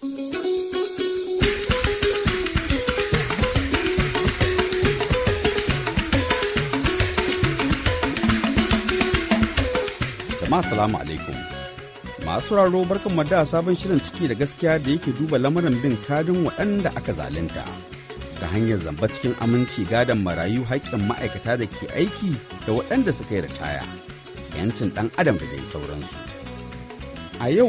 Jama'a salamu alaikum. Masu raro barkan da sabon shirin ciki da gaskiya da yake duba lamarin bin kadin waɗanda aka zalunta. ta hanyar zamba cikin aminci gadon marayu haƙƙin ma'aikata da ke aiki da waɗanda suka yi ritaya yancin ɗan adam da dai sauransu a yau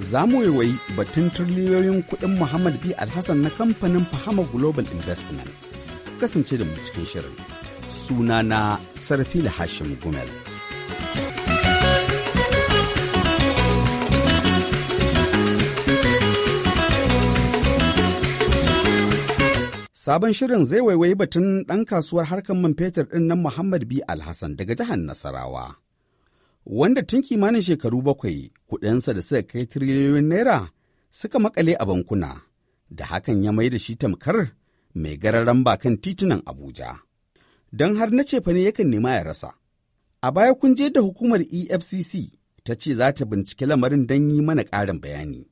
za mu waiwayi batun turliyoyin kuɗin Muhammad B. Alhassan na kamfanin Fahama Global Investment. Kasance da mu cikin shirin. Sunana Sarfila Hashim Gumel. Sabon shirin zai waiwayi batun ɗan kasuwar harkar man fetur ɗin nan Muhammad B. Alhassan daga jihar Nasarawa, wanda tun kimanin shekaru bakwai kuɗinsa da suka kai tiriliyoyin naira suka makale a bankuna, da hakan ya mai da shi tamkar mai gararan bakan titunan Abuja. Don har na cefa ne yakan nema ya rasa. A baya kun je da hukumar EFCC ta ce za ta binciki lamarin don yi mana ƙarin bayani.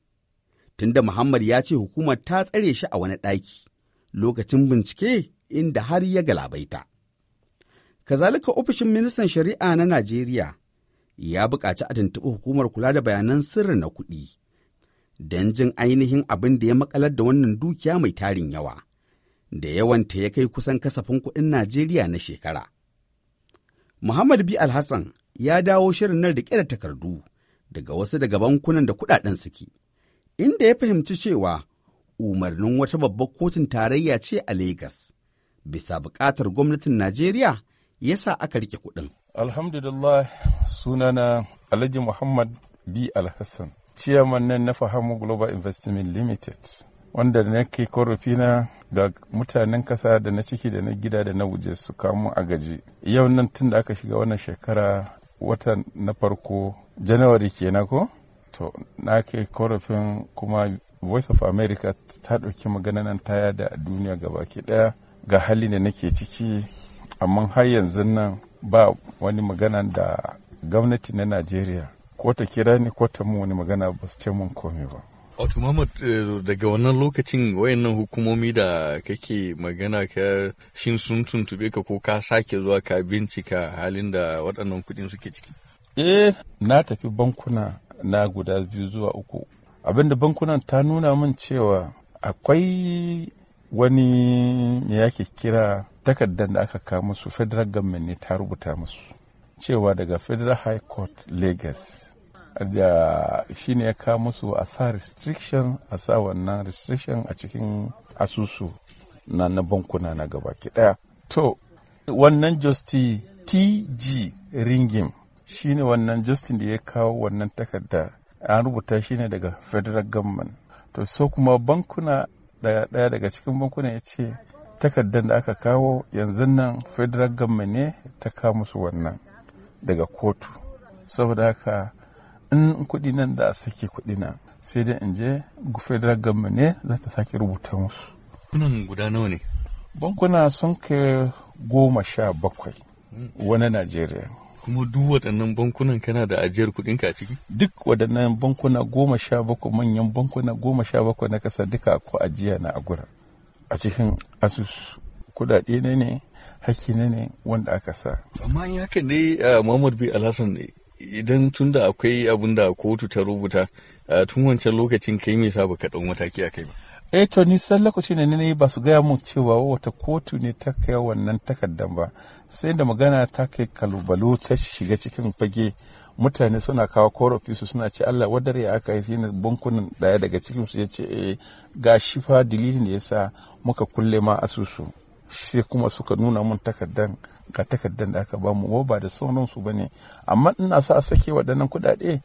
Tunda Muhammad ya ce hukumar ta tsare shi a wani ɗaki lokacin bincike inda har ya galabaita. Kazalika ofishin ministan shari'a na Najeriya ya buƙaci a tuntuɓi hukumar kula da bayanan sirri na kuɗi don jin ainihin abin da ya makalar da wannan dukiya mai tarin yawa da yawanta ya kai kusan kasafin kuɗin Najeriya na shekara. Muhammad B. Alhassan ya dawo shirin nan riƙe da takardu daga wasu daga bankunan da kuɗaɗen suke, inda ya fahimci cewa umarnin wata babbar kotun tarayya ce a Legas, bisa buƙatar gwamnatin Najeriya ya sa aka riƙe kuɗin. Alhamdulillah sunana Alhaji Muhammad B. Alhassan, ciyaman na Fahamu Global Investment Limited, wanda na ke korafina ga mutanen kasa da na ciki da na gida da na wuje su kamu a gaji. Yau nan tun da aka shiga wannan shekara watan na farko Janawari kenan ko? To, na ke korafin kuma Voice of America ta ɗauki magana taya da yada a duniya gabaki ɗaya ga hali da nake ciki, amma har yanzu nan ba wani magana da gwamnati na najeriya ko ta kira ni ko ta mu wani magana ba su ce mun komai ba Wato Muhammad eh, daga wannan lokacin wayannan hukumomi da kake magana ka shin sun tuntube ka ko ka sake zuwa ka bincika halin da waɗannan kuɗin suke ciki? Eh, na tafi bankuna na guda biyu zuwa uku. Abinda bankunan ta nuna min cewa akwai wani me yake kira takardar da aka kawo musu federal government ne ta rubuta musu cewa daga federal high court lagos da shi ne ya kawo musu a sa restriction a sa wannan restriction a cikin asusu na na bankuna na gaba daya to wannan justin tg ringim shi ne wannan justin da ya kawo wannan takarda an rubuta shi ne daga federal government to so kuma bankuna daya daga cikin bankuna ya ce takardar da aka kawo yanzu nan federal government ne ta kawo musu wannan daga kotu saboda haka in kuɗi nan da a sake kuɗi nan sai dai in je federal government ne za ta sake rubuta musu Bankunan guda nawa ne bankuna sun kai goma sha bakwai wani najeriya kuma duk waɗannan bankunan kana da ajiyar kuɗinka a ciki duk waɗannan bankuna goma sha bakwai manyan bankuna goma sha bakwai na kasa duka ko ajiya na a gurin a cikin asus kudade ne ne hakki ne ne wanda aka sa amma in haka ne muhammad bin alhassan idan tun da akwai abin da kotu ta rubuta tun wancan lokacin kai mai sa baka ɗau mataki a kai ba e to ni san lokacin da ne ba su gaya mun cewa wata kotu ne ta kai wannan takardan ba sai da magana ta kai kalubalo ta shiga cikin fage mutane suna kawo korafi su suna ce Allah wadar ya aka yi sai na bankunan daya daga cikin su ya ce eh ga shifa fa dalilin da yasa muka kulle ma asusu sai kuma suka nuna mun takardan ga takardan da aka bamu ba da sauran ba ne amma ina sa a sake waɗannan kuɗaɗe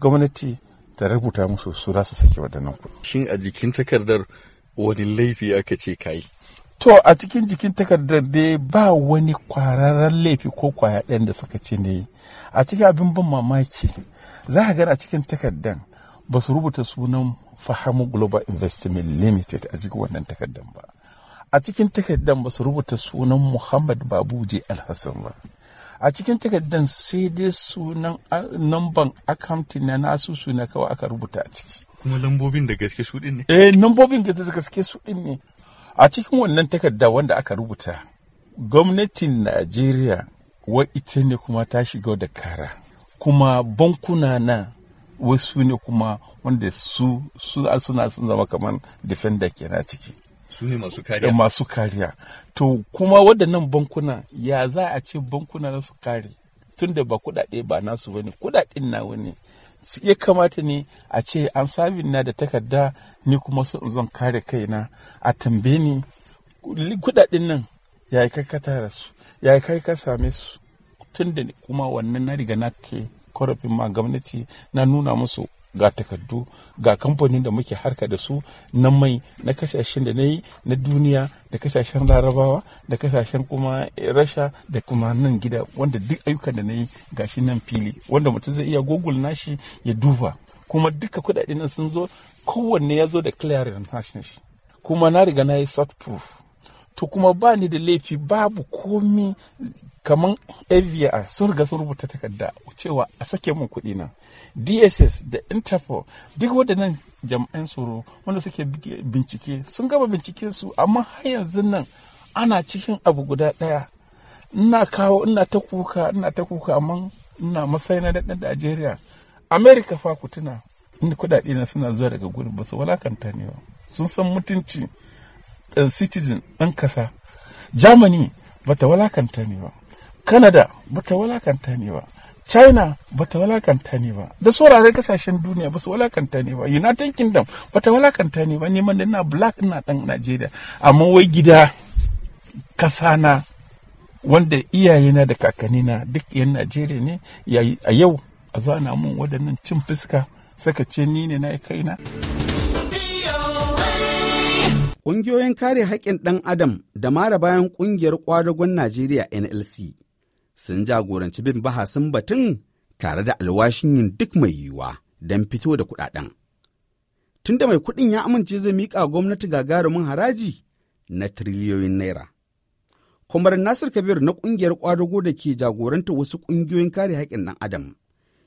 gwamnati ta rubuta musu su za su saki waɗannan kuɗi. Shin a jikin takardar wani laifi aka ce kayi? To a cikin jikin takardar dai ba wani kwararren laifi ko kwaya ɗayan da suka ce ne a cikin abin ban mamaki za a gani a cikin takardar ba su rubuta sunan Fahamu Global Investment Limited a cikin wannan takardar ba. a cikin takardar ba su rubuta sunan muhammad j alhassan ba a cikin takardar sai dai sunan numban akamti na nasu suna kawai aka rubuta a ciki kuma lambobin da gaske su ne eh lambobin da gaske su ne a cikin wannan takarda wanda aka rubuta gwamnatin najeriya wa ita ne kuma ta shiga da kara kuma bankuna na wasu ne kuma wanda su suna sun zama kamar defender kenan ciki su ne masu kariya masu kariya to kuma waɗannan bankuna ya za a ce bankuna za su kare tunda ba kuɗaɗe ba nasu bane kuɗaɗen na wani su iya kamata ne a ce an sabin na da takarda ni kuma su zan kare na a tambaye ni kuɗaɗen nan ya kai ka su ya kai ka same su tunda kuma wannan na riga na ke korafin ma gwamnati na nuna musu ga takardu ga kamfanin da muke harka da su na mai na kasashen da na yi na duniya da kasashen larabawa da kasashen kuma rasha da kuma nan gida wanda duk ayyukan da na yi ga shi nan fili wanda mutum zai iya google nashi ya duba kuma duka kudaden nan sun zo kowanne ya zo da clearing hashin shi kuma na riga na yi soft proof to kuma ba ni da laifi babu komi kamar fbi sun riga sun rubuta takarda cewa a sake mun kuɗi na dss da interpol duk waɗannan jam'an tsoro wanda suke bincike sun gaba bincike su amma har yanzu nan ana cikin abu guda ɗaya ina kawo ina ta kuka ina ta kuka amma ina masai na daɗin najeriya Amerika fa ku tuna inda kuɗaɗe na suna zuwa daga gurin ba su walakanta ne ba sun san mutunci ɗan eh, citizen ɗan ƙasa germany bata walakanta ne ba canada bata walakanta ne ba china bata walakanta ne ba da sauraren kasashen duniya ba su walakanta ne ba united kingdom bata walakanta ne ba neman da na black na ɗan nigeria amma wai gida ƙasa na wanda iyayena da kakannina duk yan najeriya ne a yau a zana mun waɗannan cin fuska saka ce ni ne na kaina. Ƙungiyoyin kare haƙƙin ɗan Adam da mara bayan ƙungiyar ƙwadagon Najeriya NLC sun jagoranci bin bahasin batun tare da alwashin yin duk mai yiwuwa don fito da kuɗaɗen. Tun da mai kuɗin ya amince zai miƙa gwamnati gagarumin haraji na tiriliyoyin naira. Kwamarin Nasir Kabir na ƙungiyar ƙwadago da ke jagoranta wasu ƙungiyoyin kare haƙƙin ɗan Adam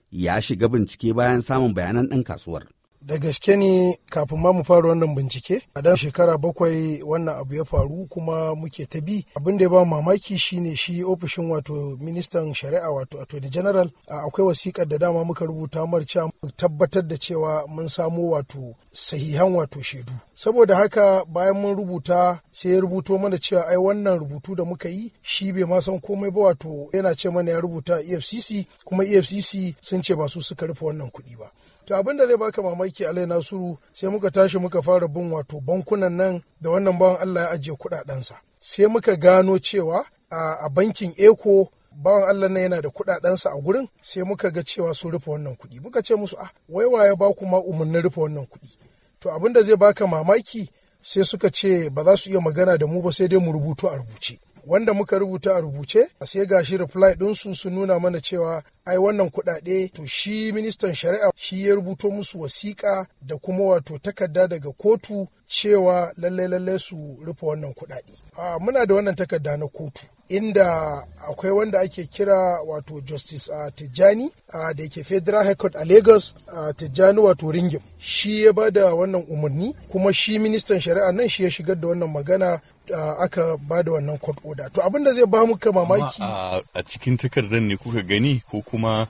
ya shiga bincike bayan samun bayanan ɗan kasuwar. da gaske ne kafin ma mu fara wannan bincike a dan shekara bakwai wannan abu ya faru kuma muke ta bi abin da ya ba mamaki shine shi ofishin wato ministan shari'a wato attorney general akwai wasiƙar da dama muka rubuta mar cewa tabbatar da cewa mun samo wato sahihan wato shaidu saboda haka bayan mun rubuta sai ya rubuto mana cewa ai wannan rubutu da muka yi shi bai ma san komai ba wato yana ce mana ya rubuta efcc kuma efcc sun ce ba su suka rufe wannan kuɗi ba To abin da zai baka mamaki Alai Nasiru sai muka tashi muka fara bin wato bankunan nan da wannan bawan Allah ya ajiye kuɗaɗensa. Sai muka gano cewa a bankin Eko bawan Allah nan yana da kuɗaɗensa a gurin sai muka ga cewa su rufe wannan kuɗi. Muka ce musu ah wai waye ba ku ma umarnin rufe wannan kuɗi. To abin da zai baka mamaki sai suka ce ba za su iya magana da mu ba sai dai mu rubutu a rubuce. wanda muka rubuta a rubuce A sai gashi reply ɗinsu sun nuna mana cewa ai wannan kuɗaɗe to shi ministan shari'a shi ya rubuto musu wasiƙa da kuma wato takarda daga kotu cewa lalle lalle su rufe wannan kuɗaɗe. Ah, muna da wannan takarda na kotu. inda akwai wanda ake kira wato justice uh, tijjani uh, da yake federal high court a lagos uh, tijjani wato ringim shi ya ba da wannan umarni kuma shi ministan shari'a nan shi ya shigar da wannan magana uh, aka ba da wannan court order to abin da zai ba muka mamaki uh, a uh, cikin takardar ne kuka gani ko kuma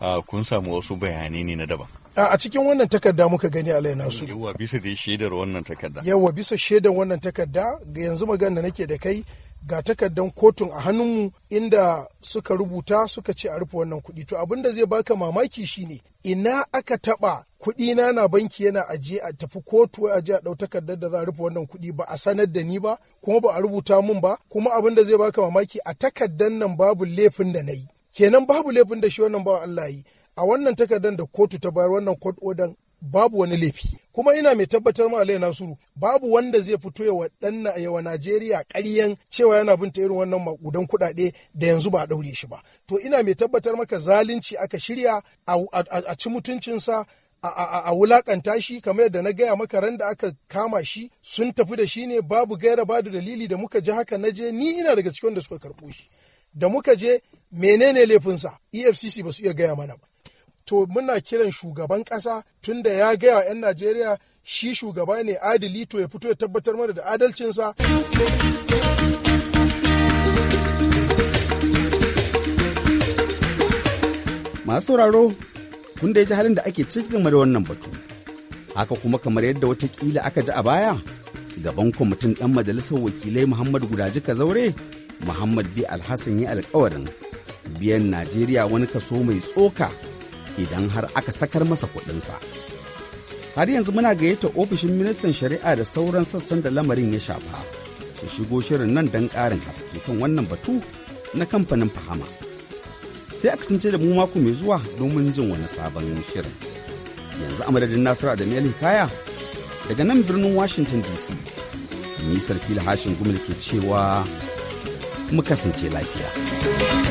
uh, kun samu wasu bayanai ne na daban a cikin wannan takarda muka gani alai nasu yawa bisa da shaidar wannan takarda yawa bisa shaidar wannan takarda yanzu magana nake da kai ga takardan kotun a hannunmu inda suka rubuta suka ce a rufe wannan kuɗi to abin da zai baka mamaki shine ina aka taɓa kuɗi na na banki yana ajiye a tafi kotu a je a ɗau takardar da za a rufe wannan kuɗi ba a sanar da ni ba kuma ba a rubuta mun ba kuma abin da zai baka mamaki a takardar nan babu laifin da na yi kenan babu laifin da shi wannan wa Allah yi a wannan takardar da kotu ta bayar wannan court order babu wani laifi kuma ina mai tabbatar ma Alayi Nasiru babu wanda zai fito ya wa yawa Najeriya ƙaryan cewa yana binta irin wannan makudan kuɗaɗe da yanzu ba a ɗaure shi ba to ina mai tabbatar maka zalunci aka shirya a ci mutuncinsa a wulaƙanta shi kamar yadda na gaya maka ran da aka kama shi sun tafi da shi ne babu gaira babu dalili da muka ji haka na je ni ina daga cikin da suka karɓo shi da muka je menene laifinsa efcc ba su iya gaya mana ba to muna kiran shugaban ƙasa tunda ya gaya wa 'yan Najeriya shi shugaba ne adili to ya fito ya tabbatar mana da adalcinsa. Masu sauraro, kun da ji halin da ake cikin da wannan batu. Haka kuma kamar yadda watakila aka ji a baya, gaban kwamitin ɗan majalisar wakilai Muhammad Gudaji Kazaure, Muhammad B. Alhassan ya alkawarin biyan Najeriya wani kaso mai tsoka idan har aka sakar masa kuɗinsa. Har yanzu muna gayyata ofishin ministan shari'a da sauran sassan da lamarin ya shafa su shigo shirin nan don ƙarin haske kan wannan batu na kamfanin fahama. Sai aka da mu mako mai zuwa domin jin wani sabon shirin. Yanzu a madadin Nasiru da Mel kaya. daga nan birnin Washington DC. Nisar fila hashin gumul ke cewa mu kasance lafiya.